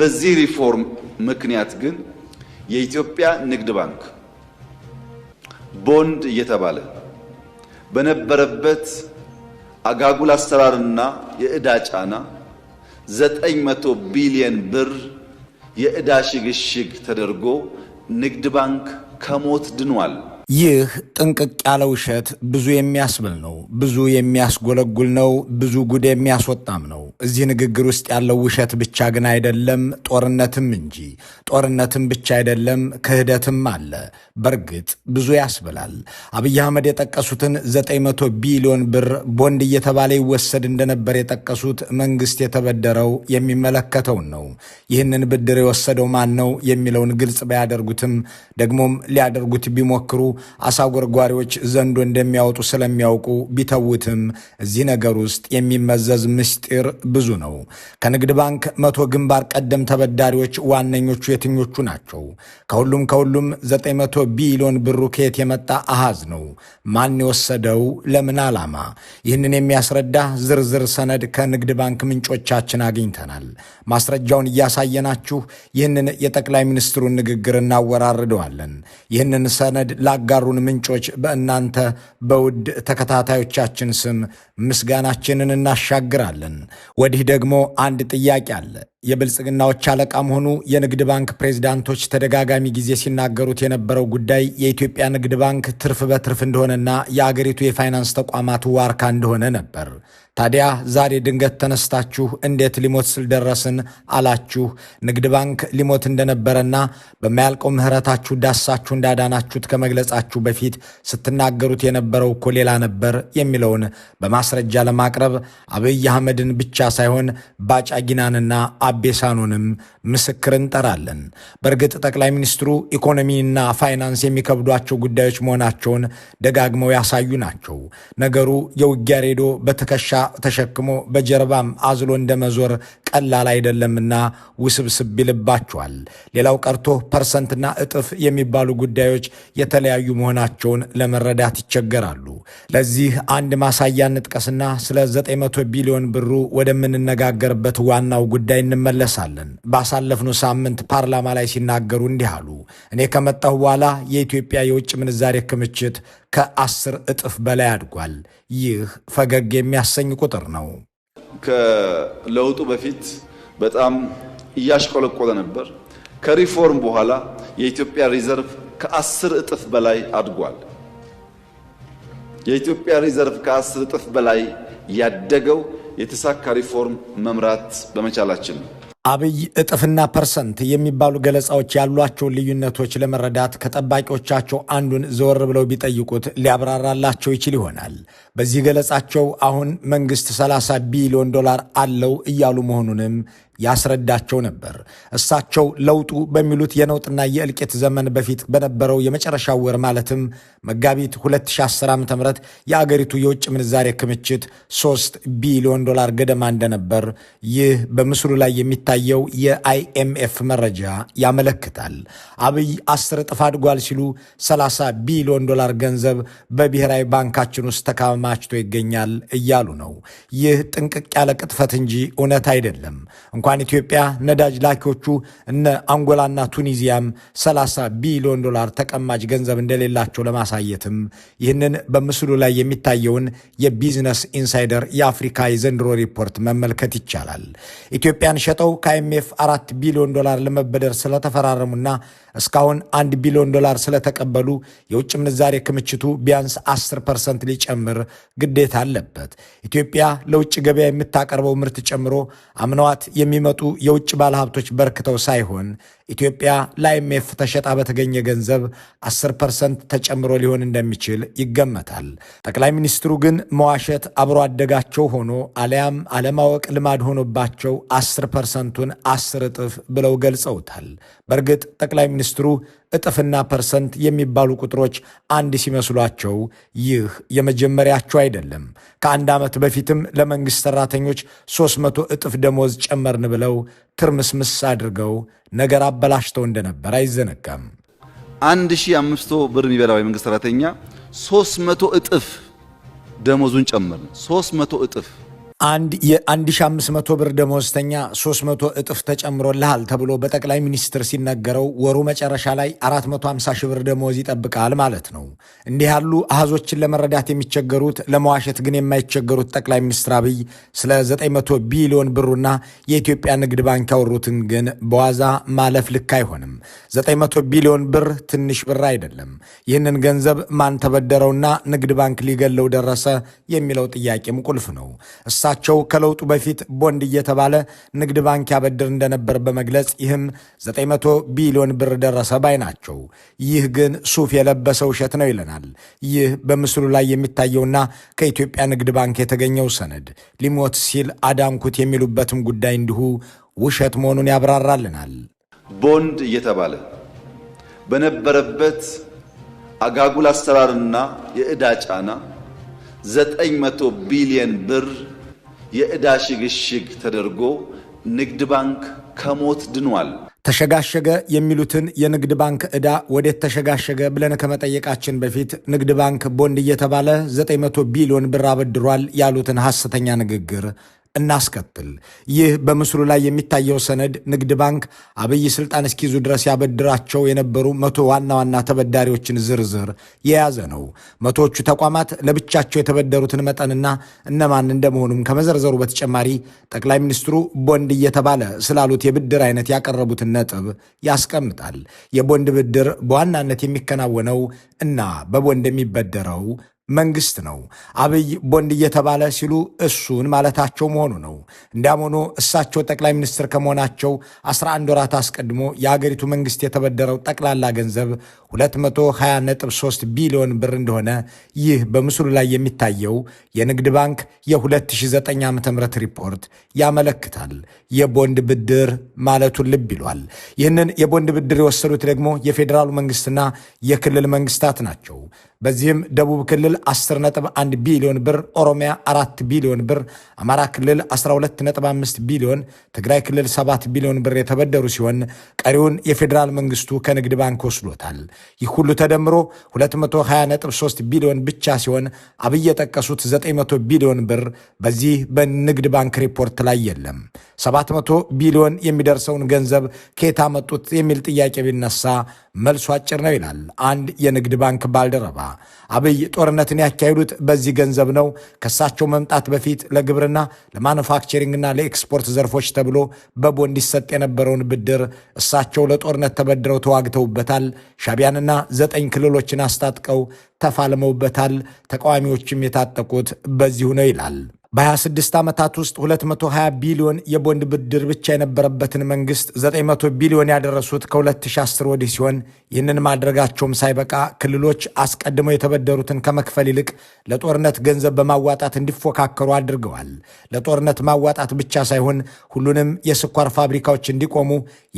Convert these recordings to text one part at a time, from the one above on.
በዚህ ሪፎርም ምክንያት ግን የኢትዮጵያ ንግድ ባንክ ቦንድ እየተባለ በነበረበት አጋጉል አሰራርና የዕዳ ጫና ዘጠኝ መቶ ቢሊየን ብር የዕዳ ሽግሽግ ተደርጎ ንግድ ባንክ ከሞት ድኗል። ይህ ጥንቅቅ ያለ ውሸት ብዙ የሚያስብል ነው፣ ብዙ የሚያስጎለጉል ነው፣ ብዙ ጉድ የሚያስወጣም ነው። እዚህ ንግግር ውስጥ ያለው ውሸት ብቻ ግን አይደለም፣ ጦርነትም እንጂ። ጦርነትም ብቻ አይደለም፣ ክህደትም አለ። በእርግጥ ብዙ ያስብላል። አብይ አህመድ የጠቀሱትን 900 ቢሊዮን ብር ቦንድ እየተባለ ይወሰድ እንደነበር የጠቀሱት መንግስት የተበደረው የሚመለከተውን ነው። ይህንን ብድር የወሰደው ማን ነው የሚለውን ግልጽ ባያደርጉትም ደግሞም ሊያደርጉት ቢሞክሩ አሳ ጎርጓሪዎች ዘንዶ እንደሚያወጡ ስለሚያውቁ ቢተውትም እዚህ ነገር ውስጥ የሚመዘዝ ምስጢር ብዙ ነው። ከንግድ ባንክ መቶ ግንባር ቀደም ተበዳሪዎች ዋነኞቹ የትኞቹ ናቸው? ከሁሉም ከሁሉም 900 ቢሊዮን ብሩ ከየት የመጣ አሃዝ ነው? ማን የወሰደው? ለምን ዓላማ? ይህንን የሚያስረዳ ዝርዝር ሰነድ ከንግድ ባንክ ምንጮቻችን አግኝተናል። ማስረጃውን እያሳየናችሁ ይህንን የጠቅላይ ሚኒስትሩን ንግግር እናወራርደዋለን። ይህንን ሰነድ ላጋ የሚያጋሩን ምንጮች በእናንተ በውድ ተከታታዮቻችን ስም ምስጋናችንን እናሻግራለን። ወዲህ ደግሞ አንድ ጥያቄ አለ። የብልጽግናዎች አለቃ መሆኑ የንግድ ባንክ ፕሬዚዳንቶች ተደጋጋሚ ጊዜ ሲናገሩት የነበረው ጉዳይ የኢትዮጵያ ንግድ ባንክ ትርፍ በትርፍ እንደሆነና የአገሪቱ የፋይናንስ ተቋማት ዋርካ እንደሆነ ነበር። ታዲያ ዛሬ ድንገት ተነስታችሁ እንዴት ሊሞት ስልደረስን አላችሁ? ንግድ ባንክ ሊሞት እንደነበረና በማያልቀው ምሕረታችሁ ዳሳችሁ እንዳዳናችሁት ከመግለጻችሁ በፊት ስትናገሩት የነበረው እኮ ሌላ ነበር የሚለውን በማስረጃ ለማቅረብ አብይ አህመድን ብቻ ሳይሆን ባጫጊናንና ። አቤሳኑንም ምስክር እንጠራለን። በእርግጥ ጠቅላይ ሚኒስትሩ ኢኮኖሚና ፋይናንስ የሚከብዷቸው ጉዳዮች መሆናቸውን ደጋግመው ያሳዩ ናቸው። ነገሩ የውጊያ ሬዲዮ በትከሻ ተሸክሞ በጀርባም አዝሎ እንደመዞር ቀላል አይደለምና ውስብስብ ይልባቸዋል። ሌላው ቀርቶ ፐርሰንትና እጥፍ የሚባሉ ጉዳዮች የተለያዩ መሆናቸውን ለመረዳት ይቸገራሉ። ለዚህ አንድ ማሳያ እንጥቀስና ስለ 900 ቢሊዮን ብሩ ወደምንነጋገርበት ዋናው ጉዳይ እንመለሳለን። ባሳለፍነው ሳምንት ፓርላማ ላይ ሲናገሩ እንዲህ አሉ። እኔ ከመጣሁ በኋላ የኢትዮጵያ የውጭ ምንዛሬ ክምችት ከአስር እጥፍ በላይ አድጓል። ይህ ፈገግ የሚያሰኝ ቁጥር ነው። ከለውጡ በፊት በጣም እያሽቆለቆለ ነበር። ከሪፎርም በኋላ የኢትዮጵያ ሪዘርቭ ከአስር እጥፍ በላይ አድጓል። የኢትዮጵያ ሪዘርቭ ከአስር እጥፍ በላይ ያደገው የተሳካ ሪፎርም መምራት በመቻላችን ነው። አብይ እጥፍና ፐርሰንት የሚባሉ ገለጻዎች ያሏቸውን ልዩነቶች ለመረዳት ከጠባቂዎቻቸው አንዱን ዘወር ብለው ቢጠይቁት ሊያብራራላቸው ይችል ይሆናል። በዚህ ገለጻቸው አሁን መንግስት 30 ቢሊዮን ዶላር አለው እያሉ መሆኑንም ያስረዳቸው ነበር። እሳቸው ለውጡ በሚሉት የነውጥና የእልቂት ዘመን በፊት በነበረው የመጨረሻ ወር ማለትም መጋቢት 2010 ዓ ም የአገሪቱ የውጭ ምንዛሬ ክምችት 3 ቢሊዮን ዶላር ገደማ እንደነበር ይህ በምስሉ ላይ የሚታየው የአይኤምኤፍ መረጃ ያመለክታል። አብይ አስር እጥፍ አድጓል ሲሉ 30 ቢሊዮን ዶላር ገንዘብ በብሔራዊ ባንካችን ውስጥ ተከማችቶ ይገኛል እያሉ ነው። ይህ ጥንቅቅ ያለ ቅጥፈት እንጂ እውነት አይደለም። እንኳን ኢትዮጵያ ነዳጅ ላኪዎቹ እነ አንጎላና ቱኒዚያም 30 ቢሊዮን ዶላር ተቀማጭ ገንዘብ እንደሌላቸው ለማሳየትም ይህንን በምስሉ ላይ የሚታየውን የቢዝነስ ኢንሳይደር የአፍሪካ የዘንድሮ ሪፖርት መመልከት ይቻላል። ኢትዮጵያን ሸጠው ከአይኤምኤፍ አራት ቢሊዮን ዶላር ለመበደር ስለተፈራረሙና እስካሁን አንድ ቢሊዮን ዶላር ስለተቀበሉ የውጭ ምንዛሬ ክምችቱ ቢያንስ 10 ፐርሰንት ሊጨምር ግዴታ አለበት። ኢትዮጵያ ለውጭ ገበያ የምታቀርበው ምርት ጨምሮ አምነዋት የሚ የሚመጡ የውጭ ባለሀብቶች በርክተው ሳይሆን ኢትዮጵያ ለአይኤምኤፍ ተሸጣ በተገኘ ገንዘብ 10 ፐርሰንት ተጨምሮ ሊሆን እንደሚችል ይገመታል። ጠቅላይ ሚኒስትሩ ግን መዋሸት አብሮ አደጋቸው ሆኖ አሊያም አለማወቅ ልማድ ሆኖባቸው 10 ፐርሰንቱን 10 እጥፍ ብለው ገልጸውታል። በእርግጥ ጠቅላይ ሚኒስትሩ እጥፍና ፐርሰንት የሚባሉ ቁጥሮች አንድ ሲመስሏቸው ይህ የመጀመሪያቸው አይደለም። ከአንድ ዓመት በፊትም ለመንግሥት ሠራተኞች 300 እጥፍ ደሞዝ ጨመርን ብለው ትርምስምስ አድርገው ነገር አበላሽተው እንደነበር አይዘነጋም። 1500 ብር የሚበላው የመንግስት ሰራተኛ 300 እጥፍ ደሞዙን ጨመርን። 300 እጥፍ አንድ የ1500 ብር ደመወዝተኛ 300 እጥፍ ተጨምሮልሃል ተብሎ በጠቅላይ ሚኒስትር ሲነገረው ወሩ መጨረሻ ላይ 450 ሺህ ብር ደመወዝ ይጠብቃል ማለት ነው። እንዲህ ያሉ አሃዞችን ለመረዳት የሚቸገሩት ለመዋሸት ግን የማይቸገሩት ጠቅላይ ሚኒስትር አብይ ስለ 900 ቢሊዮን ብሩና የኢትዮጵያ ንግድ ባንክ ያወሩትን ግን በዋዛ ማለፍ ልክ አይሆንም። 900 ቢሊዮን ብር ትንሽ ብር አይደለም። ይህንን ገንዘብ ማን ተበደረውና ንግድ ባንክ ሊገለው ደረሰ የሚለው ጥያቄም ቁልፍ ነው። እሳቸው ከለውጡ በፊት ቦንድ እየተባለ ንግድ ባንክ ያበድር እንደነበር በመግለጽ ይህም 900 ቢሊዮን ብር ደረሰ ባይ ናቸው። ይህ ግን ሱፍ የለበሰ ውሸት ነው ይለናል። ይህ በምስሉ ላይ የሚታየውና ከኢትዮጵያ ንግድ ባንክ የተገኘው ሰነድ ሊሞት ሲል አዳንኩት የሚሉበትም ጉዳይ እንዲሁ ውሸት መሆኑን ያብራራልናል። ቦንድ እየተባለ በነበረበት አጋጉል አሰራርና የዕዳ ጫና 900 ቢሊዮን ብር የዕዳ ሽግሽግ ተደርጎ ንግድ ባንክ ከሞት ድኗል። ተሸጋሸገ የሚሉትን የንግድ ባንክ ዕዳ ወዴት ተሸጋሸገ ብለን ከመጠየቃችን በፊት ንግድ ባንክ ቦንድ እየተባለ 900 ቢሊዮን ብር አበድሯል ያሉትን ሐሰተኛ ንግግር እናስከትል። ይህ በምስሉ ላይ የሚታየው ሰነድ ንግድ ባንክ አብይ ስልጣን እስኪይዙ ድረስ ያበድራቸው የነበሩ መቶ ዋና ዋና ተበዳሪዎችን ዝርዝር የያዘ ነው። መቶዎቹ ተቋማት ለብቻቸው የተበደሩትን መጠንና እነማን እንደመሆኑም ከመዘርዘሩ በተጨማሪ ጠቅላይ ሚኒስትሩ ቦንድ እየተባለ ስላሉት የብድር አይነት ያቀረቡትን ነጥብ ያስቀምጣል። የቦንድ ብድር በዋናነት የሚከናወነው እና በቦንድ የሚበደረው መንግስት ነው። አብይ ቦንድ እየተባለ ሲሉ እሱን ማለታቸው መሆኑ ነው። እንዲያም ሆኖ እሳቸው ጠቅላይ ሚኒስትር ከመሆናቸው 11 ወራት አስቀድሞ የአገሪቱ መንግስት የተበደረው ጠቅላላ ገንዘብ 220.3 ቢሊዮን ብር እንደሆነ ይህ በምስሉ ላይ የሚታየው የንግድ ባንክ የ2009 ዓ.ም ሪፖርት ያመለክታል። የቦንድ ብድር ማለቱን ልብ ይሏል። ይህንን የቦንድ ብድር የወሰዱት ደግሞ የፌዴራሉ መንግስትና የክልል መንግስታት ናቸው። በዚህም ደቡብ ክልል 10.1 ቢሊዮን ብር፣ ኦሮሚያ 4 ቢሊዮን ብር፣ አማራ ክልል 12.5 ቢሊዮን፣ ትግራይ ክልል 7 ቢሊዮን ብር የተበደሩ ሲሆን ቀሪውን የፌዴራል መንግስቱ ከንግድ ባንክ ወስዶታል። ይህ ሁሉ ተደምሮ 220.3 ቢሊዮን ብቻ ሲሆን አብይ የጠቀሱት 900 ቢሊዮን ብር በዚህ በንግድ ባንክ ሪፖርት ላይ የለም። 700 ቢሊዮን የሚደርሰውን ገንዘብ ከየት አመጡት የሚል ጥያቄ ቢነሳ መልሱ አጭር ነው ይላል አንድ የንግድ ባንክ ባልደረባ። አብይ ጦርነትን ያካሄዱት በዚህ ገንዘብ ነው። ከሳቸው መምጣት በፊት ለግብርና ለማኑፋክቸሪንግና ለኤክስፖርት ዘርፎች ተብሎ በቦ እንዲሰጥ የነበረውን ብድር እሳቸው ለጦርነት ተበድረው ተዋግተውበታል። ሻቢያንና ዘጠኝ ክልሎችን አስታጥቀው ተፋልመውበታል። ተቃዋሚዎችም የታጠቁት በዚሁ ነው ይላል። በ26 ዓመታት ውስጥ 220 ቢሊዮን የቦንድ ብድር ብቻ የነበረበትን መንግስት 900 ቢሊዮን ያደረሱት ከ2010 ወዲህ ሲሆን ይህንን ማድረጋቸውም ሳይበቃ ክልሎች አስቀድመው የተበደሩትን ከመክፈል ይልቅ ለጦርነት ገንዘብ በማዋጣት እንዲፎካከሩ አድርገዋል። ለጦርነት ማዋጣት ብቻ ሳይሆን ሁሉንም የስኳር ፋብሪካዎች እንዲቆሙ፣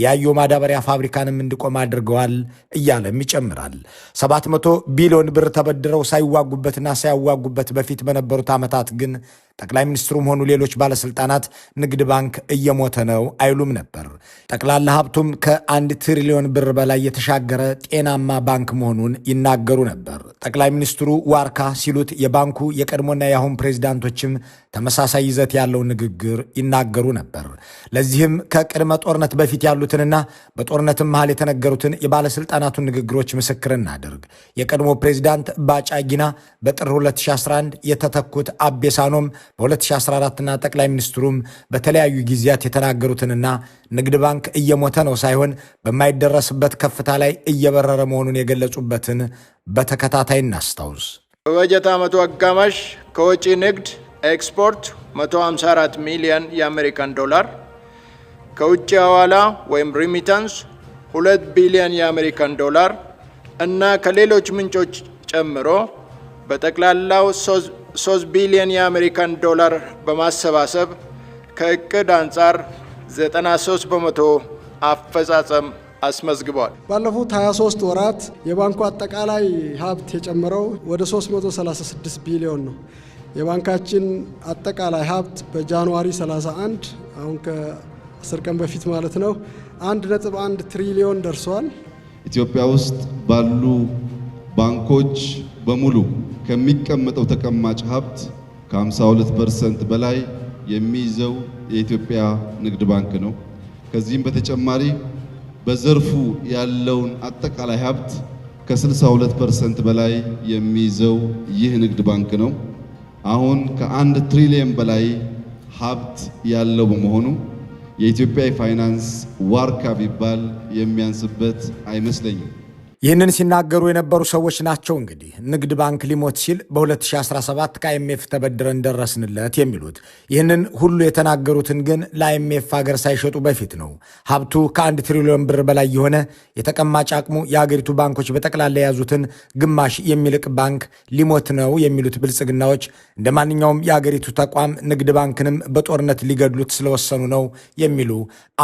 የያዩ ማዳበሪያ ፋብሪካንም እንዲቆም አድርገዋል እያለም ይጨምራል። 700 ቢሊዮን ብር ተበድረው ሳይዋጉበትና ሳያዋጉበት በፊት በነበሩት ዓመታት ግን ጠቅላይ ሚኒስትሩም ሆኑ ሌሎች ባለስልጣናት ንግድ ባንክ እየሞተ ነው አይሉም ነበር። ጠቅላላ ሀብቱም ከአንድ ትሪሊዮን ብር በላይ የተሻገረ ጤናማ ባንክ መሆኑን ይናገሩ ነበር። ጠቅላይ ሚኒስትሩ ዋርካ ሲሉት የባንኩ የቀድሞና የአሁን ፕሬዚዳንቶችም ተመሳሳይ ይዘት ያለው ንግግር ይናገሩ ነበር። ለዚህም ከቅድመ ጦርነት በፊት ያሉትንና በጦርነትም መሃል የተነገሩትን የባለስልጣናቱን ንግግሮች ምስክር እናደርግ። የቀድሞ ፕሬዚዳንት ባጫ ጊና በጥር 2011 የተተኩት አቤሳኖም በ2014ና ጠቅላይ ሚኒስትሩም በተለያዩ ጊዜያት የተናገሩትንና ንግድ ባንክ እየሞተ ነው ሳይሆን በማይደረስበት ከፍታ ላይ እየበረረ መሆኑን የገለጹበትን በተከታታይ እናስታውስ። በበጀት ዓመቱ አጋማሽ ከወጪ ንግድ ኤክስፖርት 154 ሚሊዮን የአሜሪካን ዶላር ከውጭ ሐዋላ ወይም ሪሚታንስ 2 ቢሊዮን የአሜሪካን ዶላር እና ከሌሎች ምንጮች ጨምሮ በጠቅላላው 3 ቢሊዮን የአሜሪካን ዶላር በማሰባሰብ ከእቅድ አንጻር 93 በመቶ አፈጻጸም አስመዝግቧል። ባለፉት 23 ወራት የባንኩ አጠቃላይ ሀብት የጨመረው ወደ 336 ቢሊዮን ነው። የባንካችን አጠቃላይ ሀብት በጃንዋሪ 31 አሁን ከ10 ቀን በፊት ማለት ነው 1.1 ትሪሊዮን ደርሷል። ኢትዮጵያ ውስጥ ባሉ ባንኮች በሙሉ ከሚቀመጠው ተቀማጭ ሀብት ከ52 ፐርሰንት በላይ የሚይዘው የኢትዮጵያ ንግድ ባንክ ነው። ከዚህም በተጨማሪ በዘርፉ ያለውን አጠቃላይ ሀብት ከ62 ፐርሰንት በላይ የሚይዘው ይህ ንግድ ባንክ ነው። አሁን ከአንድ ትሪሊየን በላይ ሀብት ያለው በመሆኑ የኢትዮጵያ የፋይናንስ ዋርካ ቢባል የሚያንስበት አይመስለኝም። ይህንን ሲናገሩ የነበሩ ሰዎች ናቸው እንግዲህ ንግድ ባንክ ሊሞት ሲል በ2017 ከአይምኤፍ ተበድረን ደረስንለት የሚሉት። ይህንን ሁሉ የተናገሩትን ግን ለአይምኤፍ ሀገር ሳይሸጡ በፊት ነው። ሀብቱ ከአንድ ትሪሊዮን ብር በላይ የሆነ የተቀማጭ አቅሙ የአገሪቱ ባንኮች በጠቅላላ የያዙትን ግማሽ የሚልቅ ባንክ ሊሞት ነው የሚሉት ብልጽግናዎች እንደ ማንኛውም የአገሪቱ ተቋም ንግድ ባንክንም በጦርነት ሊገድሉት ስለወሰኑ ነው የሚሉ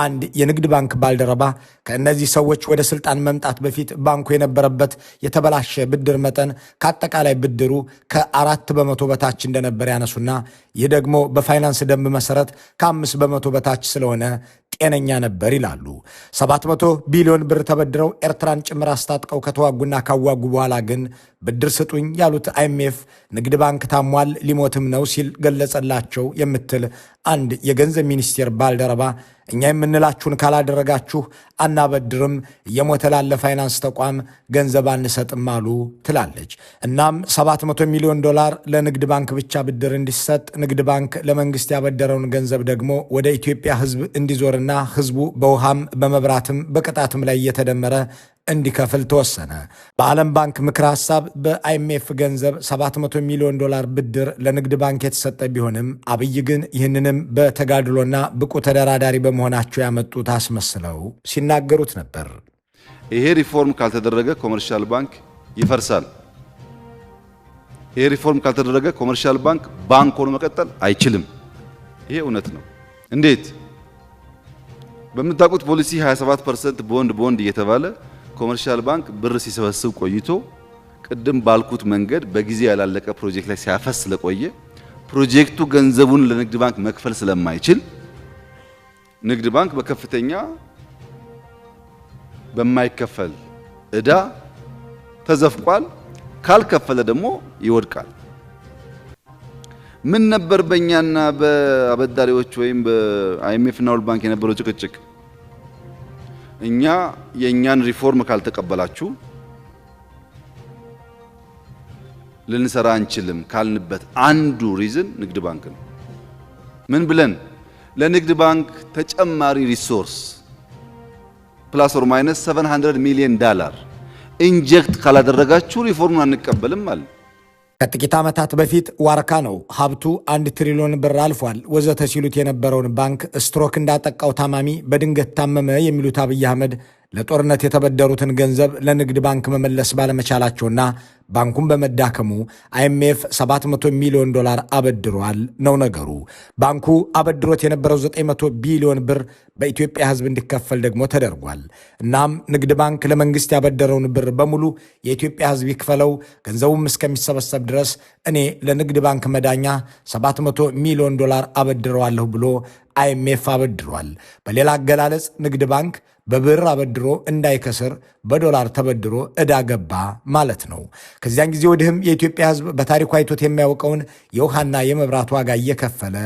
አንድ የንግድ ባንክ ባልደረባ ከእነዚህ ሰዎች ወደ ስልጣን መምጣት በፊት ባንኩ ተልኮ የነበረበት የተበላሸ ብድር መጠን ከአጠቃላይ ብድሩ ከአራት በመቶ በታች እንደነበር ያነሱና ይህ ደግሞ በፋይናንስ ደንብ መሰረት ከአምስት በመቶ በታች ስለሆነ ጤነኛ ነበር ይላሉ። 700 ቢሊዮን ብር ተበድረው ኤርትራን ጭምር አስታጥቀው ከተዋጉና ካዋጉ በኋላ ግን ብድር ስጡኝ ያሉት አይኤምኤፍ ንግድ ባንክ ታሟል፣ ሊሞትም ነው ሲል ገለጸላቸው የምትል አንድ የገንዘብ ሚኒስቴር ባልደረባ እኛ የምንላችሁን ካላደረጋችሁ አናበድርም፣ እየሞተ ላለ ፋይናንስ ተቋም ገንዘብ አንሰጥም አሉ ትላለች። እናም 700 ሚሊዮን ዶላር ለንግድ ባንክ ብቻ ብድር እንዲሰጥ ንግድ ባንክ ለመንግስት ያበደረውን ገንዘብ ደግሞ ወደ ኢትዮጵያ ህዝብ እንዲዞርና ህዝቡ በውሃም በመብራትም በቅጣትም ላይ እየተደመረ እንዲከፍል ተወሰነ። በዓለም ባንክ ምክር ሐሳብ በአይኤምኤፍ ገንዘብ 700 ሚሊዮን ዶላር ብድር ለንግድ ባንክ የተሰጠ ቢሆንም አብይ ግን ይህንንም በተጋድሎና ብቁ ተደራዳሪ በመሆናቸው ያመጡት አስመስለው ሲናገሩት ነበር። ይሄ ሪፎርም ካልተደረገ ኮመርሻል ባንክ ይፈርሳል። ይሄ ሪፎርም ካልተደረገ ኮመርሻል ባንክ ባንክ ሆኖ መቀጠል አይችልም። ይሄ እውነት ነው። እንዴት በምታውቁት ፖሊሲ 27% ቦንድ ቦንድ እየተባለ ኮመርሻል ባንክ ብር ሲሰበስብ ቆይቶ ቅድም ባልኩት መንገድ በጊዜ ያላለቀ ፕሮጀክት ላይ ሲያፈስ ስለቆየ ፕሮጀክቱ ገንዘቡን ለንግድ ባንክ መክፈል ስለማይችል ንግድ ባንክ በከፍተኛ በማይከፈል እዳ ተዘፍቋል። ካልከፈለ ደግሞ ይወድቃል። ምን ነበር በእኛና በአበዳሪዎች ወይም በአይኤምኤፍ እና ወርልድ ባንክ የነበረው ጭቅጭቅ? እኛ የእኛን ሪፎርም ካልተቀበላችሁ ልንሰራ አንችልም ካልንበት አንዱ ሪዝን ንግድ ባንክ ነው። ምን ብለን ለንግድ ባንክ ተጨማሪ ሪሶርስ ፕላስ ኦር ማይነስ 700 ሚሊዮን ዳላር ኢንጀክት ካላደረጋችሁ ሪፎርሙን አንቀበልም አለ። ከጥቂት ዓመታት በፊት ዋርካ ነው ሀብቱ አንድ ትሪሊዮን ብር አልፏል ወዘተ ሲሉት የነበረውን ባንክ ስትሮክ እንዳጠቃው ታማሚ በድንገት ታመመ የሚሉት አብይ አህመድ ለጦርነት የተበደሩትን ገንዘብ ለንግድ ባንክ መመለስ ባለመቻላቸውና ባንኩን በመዳከሙ አይኤምኤፍ 700 ሚሊዮን ዶላር አበድሯል ነው ነገሩ። ባንኩ አበድሮት የነበረው 900 ቢሊዮን ብር በኢትዮጵያ ሕዝብ እንዲከፈል ደግሞ ተደርጓል። እናም ንግድ ባንክ ለመንግስት ያበደረውን ብር በሙሉ የኢትዮጵያ ሕዝብ ይክፈለው፣ ገንዘቡም እስከሚሰበሰብ ድረስ እኔ ለንግድ ባንክ መዳኛ 700 ሚሊዮን ዶላር አበድረዋለሁ ብሎ አይኤምኤፍ አበድሯል። በሌላ አገላለጽ ንግድ ባንክ በብር አበድሮ እንዳይከስር በዶላር ተበድሮ ዕዳ ገባ ማለት ነው። ከዚያን ጊዜ ወዲህም የኢትዮጵያ ሕዝብ በታሪኩ አይቶት የሚያውቀውን የውሃና የመብራት ዋጋ እየከፈለ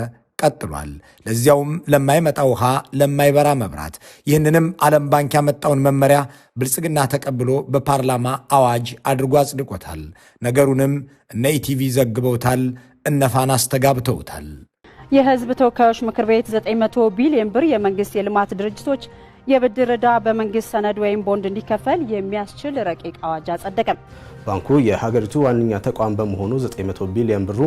ቀጥሏል። ለዚያውም ለማይመጣ ውሃ፣ ለማይበራ መብራት። ይህንንም ዓለም ባንክ ያመጣውን መመሪያ ብልጽግና ተቀብሎ በፓርላማ አዋጅ አድርጎ አጽድቆታል። ነገሩንም እነ ኢቲቪ ዘግበውታል፣ እነ ፋና አስተጋብተውታል። የህዝብ ተወካዮች ምክር ቤት 900 ቢሊዮን ብር የመንግስት የልማት ድርጅቶች የብድር ዕዳ በመንግስት ሰነድ ወይም ቦንድ እንዲከፈል የሚያስችል ረቂቅ አዋጅ አጸደቀም። ባንኩ የሀገሪቱ ዋነኛ ተቋም በመሆኑ 900 ቢሊዮን ብሩ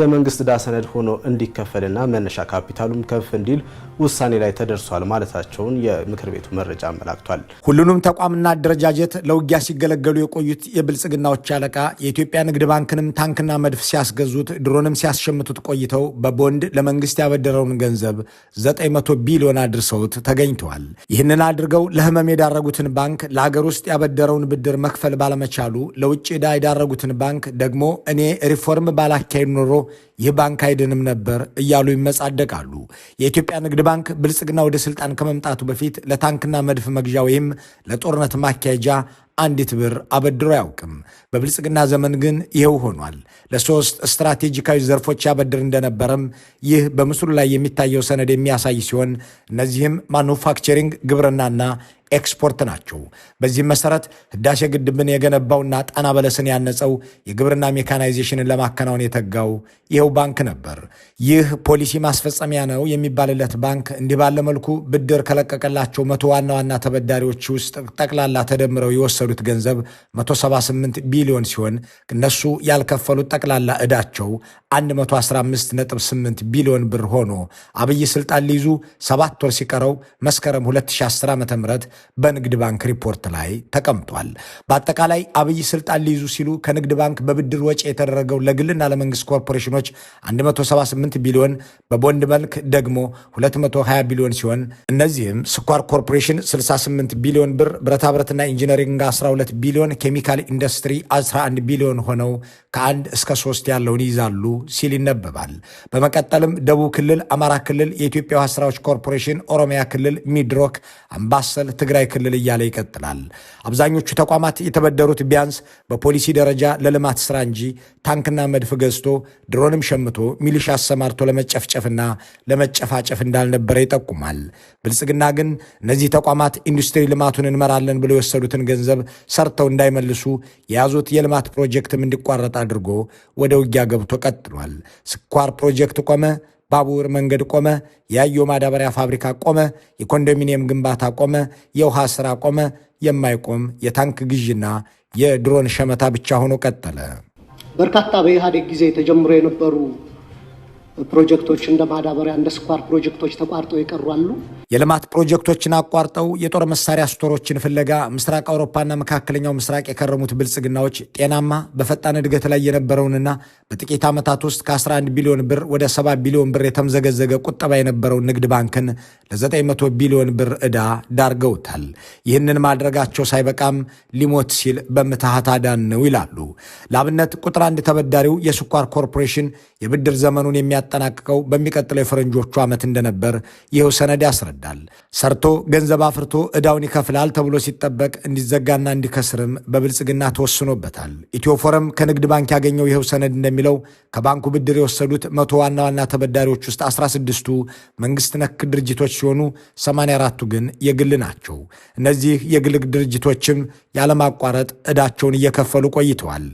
የመንግስት ዕዳ ሰነድ ሆኖ እንዲከፈልና መነሻ ካፒታሉም ከፍ እንዲል ውሳኔ ላይ ተደርሷል ማለታቸውን የምክር ቤቱ መረጃ አመላክቷል። ሁሉንም ተቋምና አደረጃጀት ለውጊያ ሲገለገሉ የቆዩት የብልጽግናዎች አለቃ የኢትዮጵያ ንግድ ባንክንም ታንክና መድፍ ሲያስገዙት፣ ድሮንም ሲያስሸምቱት ቆይተው በቦንድ ለመንግስት ያበደረውን ገንዘብ 900 ቢሊዮን አድርሰውት ተገኝተዋል። ይህንን አድርገው ለህመም የዳረጉትን ባንክ ለሀገር ውስጥ ያበደረውን ብድር መክፈል ባለመቻሉ ለውጭ ለውጭ ዕዳ የዳረጉትን ባንክ ደግሞ እኔ ሪፎርም ባላካሄድ ኖሮ ይህ ባንክ አይድንም ነበር እያሉ ይመጻደቃሉ። የኢትዮጵያ ንግድ ባንክ ብልጽግና ወደ ስልጣን ከመምጣቱ በፊት ለታንክና መድፍ መግዣ ወይም ለጦርነት ማካሄጃ አንዲት ብር አበድሮ አያውቅም። በብልጽግና ዘመን ግን ይኸው ሆኗል። ለሶስት ስትራቴጂካዊ ዘርፎች ያበድር እንደነበረም ይህ በምስሉ ላይ የሚታየው ሰነድ የሚያሳይ ሲሆን እነዚህም ማኑፋክቸሪንግ፣ ግብርናና ኤክስፖርት ናቸው። በዚህም መሰረት ህዳሴ ግድብን የገነባውና ጣና በለስን ያነጸው የግብርና ሜካናይዜሽንን ለማከናወን የተጋው ይኸው ባንክ ነበር። ይህ ፖሊሲ ማስፈጸሚያ ነው የሚባልለት ባንክ እንዲህ ባለ መልኩ ብድር ከለቀቀላቸው መቶ ዋና ዋና ተበዳሪዎች ውስጥ ጠቅላላ ተደምረው የወሰዱት ገንዘብ 178 ቢሊዮን ሲሆን እነሱ ያልከፈሉት ጠቅላላ ዕዳቸው 115.8 ቢሊዮን ብር ሆኖ አብይ ስልጣን ሊይዙ ሰባት ወር ሲቀረው መስከረም 2010 ዓ ም በንግድ ባንክ ሪፖርት ላይ ተቀምጧል። በአጠቃላይ አብይ ስልጣን ሊይዙ ሲሉ ከንግድ ባንክ በብድር ወጪ የተደረገው ለግልና ለመንግስት ኮርፖሬሽኖች 178 ቢሊዮን በቦንድ መልክ ደግሞ 220 ቢሊዮን ሲሆን እነዚህም ስኳር ኮርፖሬሽን 68 ቢሊዮን ብር፣ ብረታብረትና ኢንጂነሪንግ 12 ቢሊዮን፣ ኬሚካል ኢንዱስትሪ 11 ቢሊዮን ሆነው ከአንድ እስከ ሶስት ያለውን ይይዛሉ ሲል ይነበባል። በመቀጠልም ደቡብ ክልል፣ አማራ ክልል፣ የኢትዮጵያ ውሃ ስራዎች ኮርፖሬሽን፣ ኦሮሚያ ክልል፣ ሚድሮክ፣ አምባሰል፣ በትግራይ ክልል እያለ ይቀጥላል። አብዛኞቹ ተቋማት የተበደሩት ቢያንስ በፖሊሲ ደረጃ ለልማት ስራ እንጂ ታንክና መድፍ ገዝቶ ድሮንም ሸምቶ ሚሊሻ አሰማርቶ ለመጨፍጨፍና ለመጨፋጨፍ እንዳልነበረ ይጠቁማል። ብልጽግና ግን እነዚህ ተቋማት ኢንዱስትሪ ልማቱን እንመራለን ብለው የወሰዱትን ገንዘብ ሰርተው እንዳይመልሱ የያዙት የልማት ፕሮጀክትም እንዲቋረጥ አድርጎ ወደ ውጊያ ገብቶ ቀጥሏል። ስኳር ፕሮጀክት ቆመ። ባቡር መንገድ ቆመ፣ ያየው ማዳበሪያ ፋብሪካ ቆመ፣ የኮንዶሚኒየም ግንባታ ቆመ፣ የውሃ ስራ ቆመ። የማይቆም የታንክ ግዥና የድሮን ሸመታ ብቻ ሆኖ ቀጠለ። በርካታ በኢህአዴግ ጊዜ ተጀምሮ የነበሩ ፕሮጀክቶች እንደ ማዳበሪያ እንደ ስኳር ፕሮጀክቶች ተቋርጠው የቀሩ አሉ። የልማት ፕሮጀክቶችን አቋርጠው የጦር መሳሪያ ስቶሮችን ፍለጋ ምስራቅ አውሮፓና መካከለኛው ምስራቅ የከረሙት ብልጽግናዎች ጤናማ በፈጣን እድገት ላይ የነበረውንና በጥቂት ዓመታት ውስጥ ከ11 ቢሊዮን ብር ወደ 7 ቢሊዮን ብር የተምዘገዘገ ቁጠባ የነበረውን ንግድ ባንክን ለ900 ቢሊዮን ብር ዕዳ ዳርገውታል። ይህንን ማድረጋቸው ሳይበቃም ሊሞት ሲል በምትሃት ነው ይላሉ። ለአብነት ቁጥር አንድ ተበዳሪው የስኳር ኮርፖሬሽን የብድር ዘመኑን የሚያ የሚያጠናቅቀው በሚቀጥለው የፈረንጆቹ ዓመት እንደነበር ይኸው ሰነድ ያስረዳል። ሰርቶ ገንዘብ አፍርቶ ዕዳውን ይከፍላል ተብሎ ሲጠበቅ እንዲዘጋና እንዲከስርም በብልጽግና ተወስኖበታል። ኢትዮ ፎረም ከንግድ ባንክ ያገኘው ይኸው ሰነድ እንደሚለው ከባንኩ ብድር የወሰዱት መቶ ዋና ዋና ተበዳሪዎች ውስጥ 16ቱ መንግስት ነክ ድርጅቶች ሲሆኑ 84ቱ ግን የግል ናቸው። እነዚህ የግል ድርጅቶችም ያለማቋረጥ ዕዳቸውን እየከፈሉ ቆይተዋል።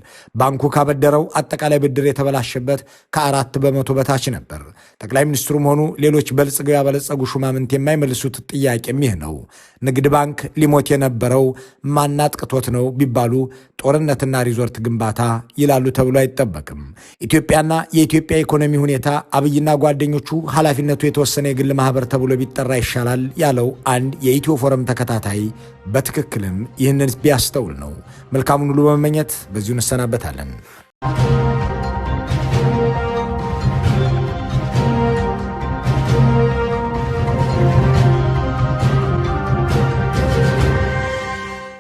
ባንኩ ካበደረው አጠቃላይ ብድር የተበላሸበት ከአራት በመቶ በታች አካታች ነበር። ጠቅላይ ሚኒስትሩም ሆኑ ሌሎች በልጽገው ያበለጸጉ ሹማምንት የማይመልሱት ጥያቄም ይህ ነው። ንግድ ባንክ ሊሞት የነበረው ማናጥቅቶት ነው ቢባሉ ጦርነትና ሪዞርት ግንባታ ይላሉ ተብሎ አይጠበቅም። ኢትዮጵያና የኢትዮጵያ ኢኮኖሚ ሁኔታ አብይና ጓደኞቹ ኃላፊነቱ የተወሰነ የግል ማህበር ተብሎ ቢጠራ ይሻላል ያለው አንድ የኢትዮ ፎረም ተከታታይ በትክክልም ይህንን ቢያስተውል ነው። መልካሙን ሁሉ በመመኘት በዚሁ እንሰናበታለን።